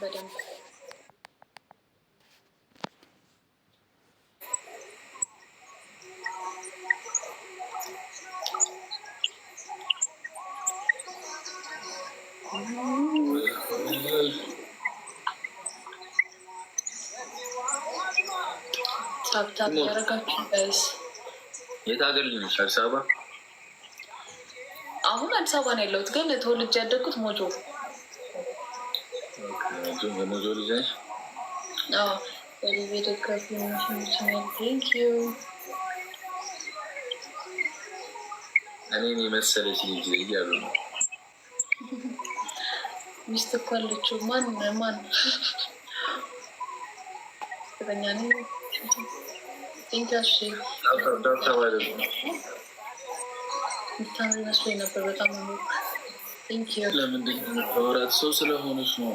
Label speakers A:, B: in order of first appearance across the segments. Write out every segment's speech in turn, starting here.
A: በደንብ ታብታብ ያደረጋችሁ ጋይስ፣
B: የት ሀገር ልጅ ነሽ? አዲስ አበባ።
A: አሁን አዲስ አበባ ነው ያለሁት፣ ግን ተወልጄ ያደግኩት ሞጆ Vamos Ó, ele vira o campeão
B: እኔን የመሰለች ልጅ እያሉ ነው።
A: ሚስት እኮ አለችው። ማን ማን እርግጠኛ ነበር በጣም
B: ለምንድን ነው ሰው ስለሆነች ነው።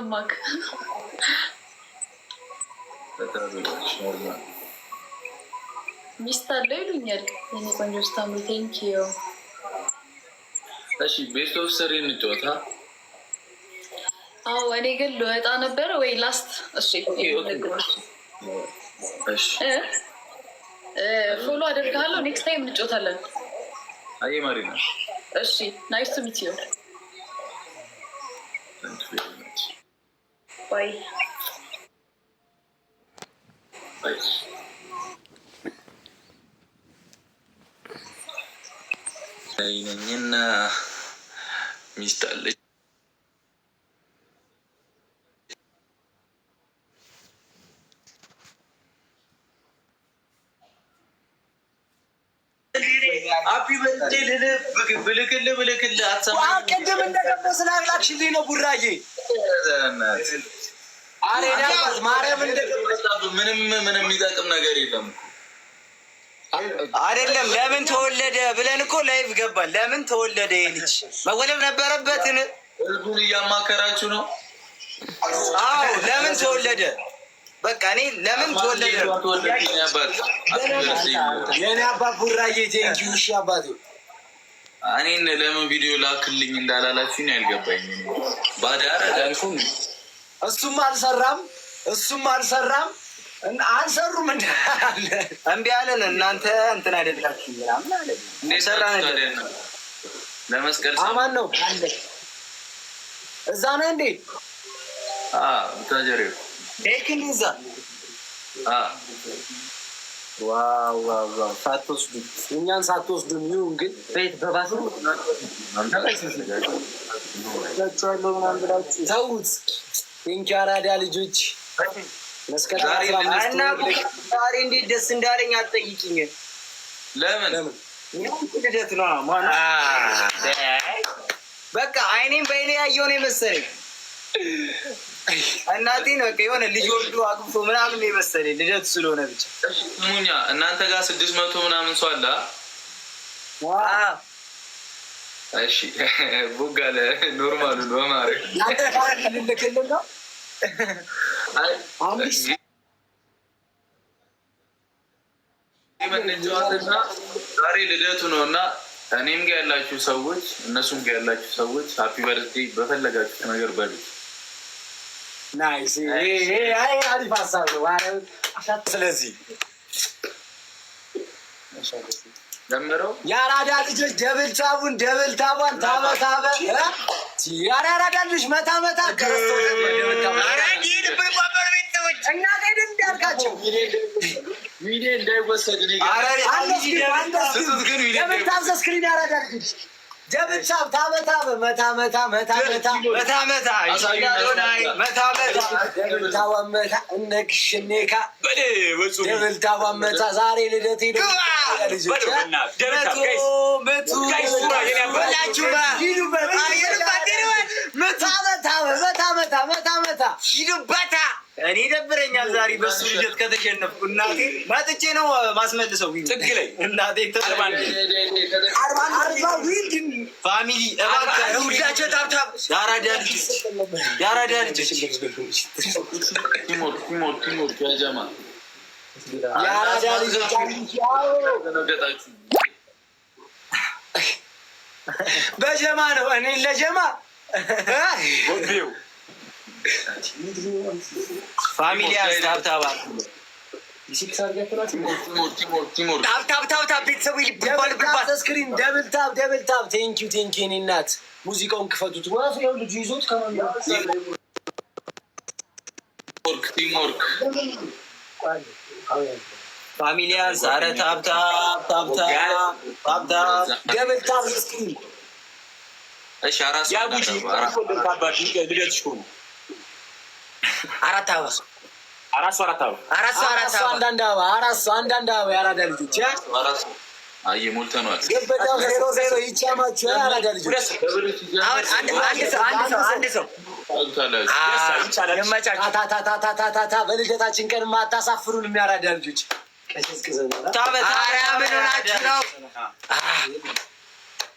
A: ጠማክ። ሚስት አለው ይሉኛል የኔ ቆንጆ ስታሙ ቴንኪዩ።
B: እሺ ቤት ውስጥ ስሪ እንጫወታ።
A: አዎ እኔ ግን ልወጣ ነበረ ወይ ላስት እሺ
B: ፎሎ አደርግሃለሁ።
A: ኔክስት ታይም እንጫወታለን። አይ ማሪ ነው። እሺ ናይስ ቱ ሚት ዩ ቆይ
B: ይነኝና ሚስት አለች።
C: አቢ ብልክል ልልህ ብልክልህ
D: አትሰማም። ቅድም እንደገባ ስላላክሽልኝ ነው ቡራዬ ማርያም እንደገባች
B: ምንም ምንም የሚጠቅም ነገር የለም።
D: አይደለም ለምን ተወለደ ብለን እኮ ላይፍ ገባል። ለምን ተወለደ የልጅ መወለድ ነበረበትን
B: ህዝቡን እያማከራችሁ ነው።
D: አዎ ለምን ተወለደ? በቃ እኔ ለምን ተወለደ? አባት ቡራዬ ቴንኪ ሺ አባቴ
B: እኔን ለምን ቪዲዮ ላክልኝ እንዳላላችሁ ነው ያልገባኝ ባዳረ ዳልኩም
D: እሱም አልሰራም እሱም አልሰራም አልሰሩም እንደ እምቢ አለን። እናንተ እንትን አይደላችሁ ምናምን ነው አለ እዛ ነህ እንዴ? ታጀሪ ሄክን እዛ ሳትወስዱ እኛን ሳትወስዱ ይሁን ግን ቤት በባስ ተውት። ቴንኪው አራዳ ልጆች ዛሬ እንዴት ደስ እንዳለኝ አትጠይቂኝ።
B: ለምን ልደት ነው
D: በቃ አይኔም በይኔ ያየው ነው የመሰለኝ። እናቴን በቃ የሆነ ልጅ ወልዶ አቅፎ ምናምን የመሰለኝ ልደት ስለሆነ ብቻ።
B: ሙኛ እናንተ ጋር ስድስት መቶ ምናምን ሰው አለ እሺ ቦጋለ ኖርማሉ ነው ማድረግ ዛሬ ልደቱ ነው እና እኔም ጋ ያላችሁ ሰዎች እነሱም ጋ ያላችሁ ሰዎች ሀፒ በርዝዴ በፈለጋችሁ ነገር በሉ።
D: ስለዚህ የአራዳ ልጆች ደብል ታቡን ደብል ታቧን ታበ ታበ የአራዳ ልጆች መታ መታ
B: እንዳልካቸው ግን
D: ጀብን ታመታ በመታ መታ መታ መታ
C: መታ መታ መታ
D: ደብልታ ዋመታ እነ ክሽኔካ ደብልታ ዋመታ ዛሬ ልደት ሂዱበታ እኔ ደብረኛል ዛሬ በሱ ልጀት ከተሸነፍኩ እናቴ መጥቼ ነው ማስመልሰው። ጥግ ላይ እናቴ ፋሚሊ ሁላቸው ታብታብ የአራዳ ልጅ የአራዳ ልጅ በጀማ ነው እኔ ለጀማ ፋሚሊ ስክሪን ደብል ታብ ደብል ታብ ቴንኪው ቴንኪው። የእኔ እናት ሙዚቃውን ክፈቱት። ዋፍያው ልጁ ይዞት ፋሚሊያንስ አረ ታብታብታብታብታደብል ታብ ስክሪን አራት አበባ አራት ሰው አራት አበባ አራት አራት ሰው አንዳንድ አበባ አራት አንዳንድ አበባ የአራዳ ልጆች
B: አየ ሞልተነዋል።
D: ዜሮ ዜሮ ይቻማችሁ የአራዳ ልጆች አንድ ሰው ይመቻችሁ። በልደታችን ቀን ማታሳፍሩን የሚያራዳ ልጆች ምን ሆናችሁ ነው?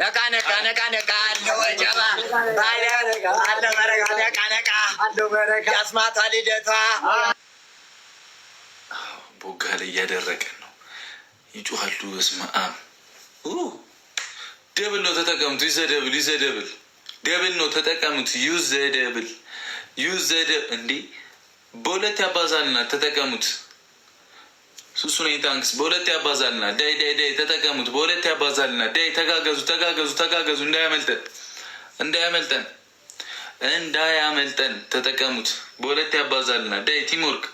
D: ነቃ ነቃ ነቃ ነቃ አለው ጀባ አለው መረጋ ነቃ ነቃ ያስማታ ልደቷ
B: ቦጋ ላይ እያደረቀን ነው። ይጮሃሉ። በስመ አብ ደብል ነው። ተጠቀምቱ። ይዘደብል ይዘደብል ደብል ነው። ተጠቀምቱ። ዩዝ ዘደብል ዩዝ ዘደብል እንዴ በሁለት ያባዛልና ተጠቀሙት። ሱሱን ታንክስ በሁለት ያባዛልና ዳይ ዳይ ዳይ ተጠቀሙት። በሁለት ያባዛልና ዳይ ተጋገዙ፣ ተጋገዙ፣ ተጋገዙ። እንዳያመልጠን እንዳያመልጠን እንዳያመልጠን ተጠቀሙት። በሁለት ያባዛልና ዳይ ቲምወርክ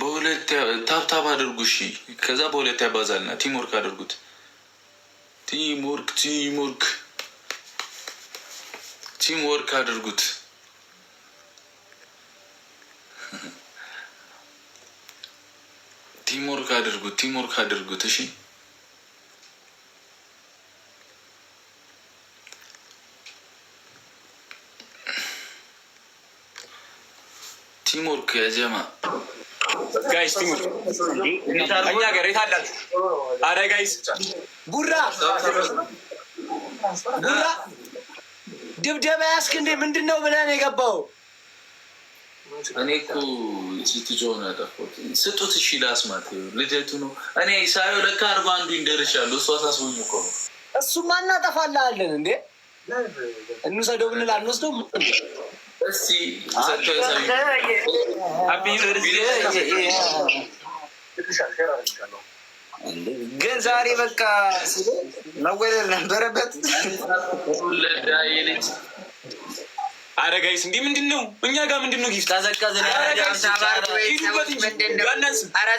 B: በሁለት ታብታብ አድርጉ። እሺ፣ ከዛ በሁለት ያባዛልና ቲምወርክ አድርጉት። ቲምወርክ ቲምወርክ ቲምወርክ አድርጉት። ቲምወርክ አድርጉት፣ ቲምወርክ አድርጉት። እሺ ቲምወርክ ያጀማ ጋይስ ቲምወርክ እኛ ጋር የት አላችሁ? አረ ጋይስ
D: ቡራ ቡራ ድብደባ ያስክ እንዴ ምንድን ነው ብለን የገባው
B: እኔ እኮ ስትጮ ነው ያጠፋሁት። ስጡት እሺ፣ ላስማት ልደቱ ነው። እኔ ሳየው ለካ አርባ አንዱ እንደርሻለሁ። እኮ ነው።
D: እሱማ እንዴ እንውሰደው ብንል አንወስደው። ግን ዛሬ በቃ መወለድ ነበረበት።
B: አረ ጋይስ እንዲህ ምንድን ነው? እኛ ጋር ምንድን ነው? ጊፍት
D: አዘቀዘ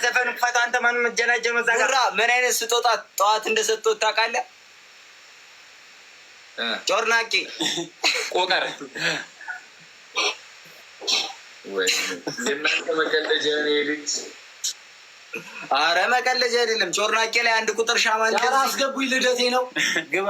D: ዘፈን ፈታ። አንተ ማንም መጀናጀን መዛራ ምን አይነት ስጦታ ጠዋት እንደሰጥቶት ታውቃለህ? ጮርናቂ ቆቀር አረ መቀለጃ አይደለም ጮርናቄ ላይ አንድ ቁጥር ሻማ አስገቡኝ። ልደቴ ነው ግባ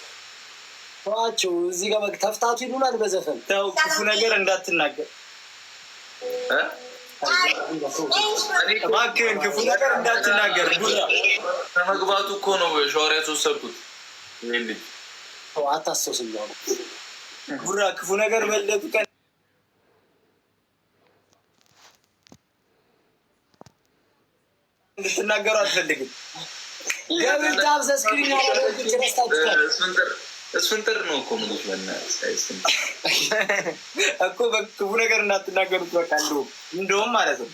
D: ተዋቸው። እዚህ ጋር ተፍታቱ ይሉናል በዘፈን ተው፣ ክፉ ነገር እንዳትናገር እባክህን፣ ክፉ ነገር እንዳትናገር።
B: ከመግባቱ እኮ ነው ሸዋሪያ ተወሰድኩት።
D: አታስተውስም ቡራ፣ ክፉ ነገር መለጡ ቀን እንድትናገሩ አልፈልግም። ገብርታብ ዘስክሪኛ ያለ
B: እሱን ጥር ነው እኮ ምግብ
D: እኮ በክቡ ነገር እንዳትናገሩት። በቃ እንደውም ማለት ነው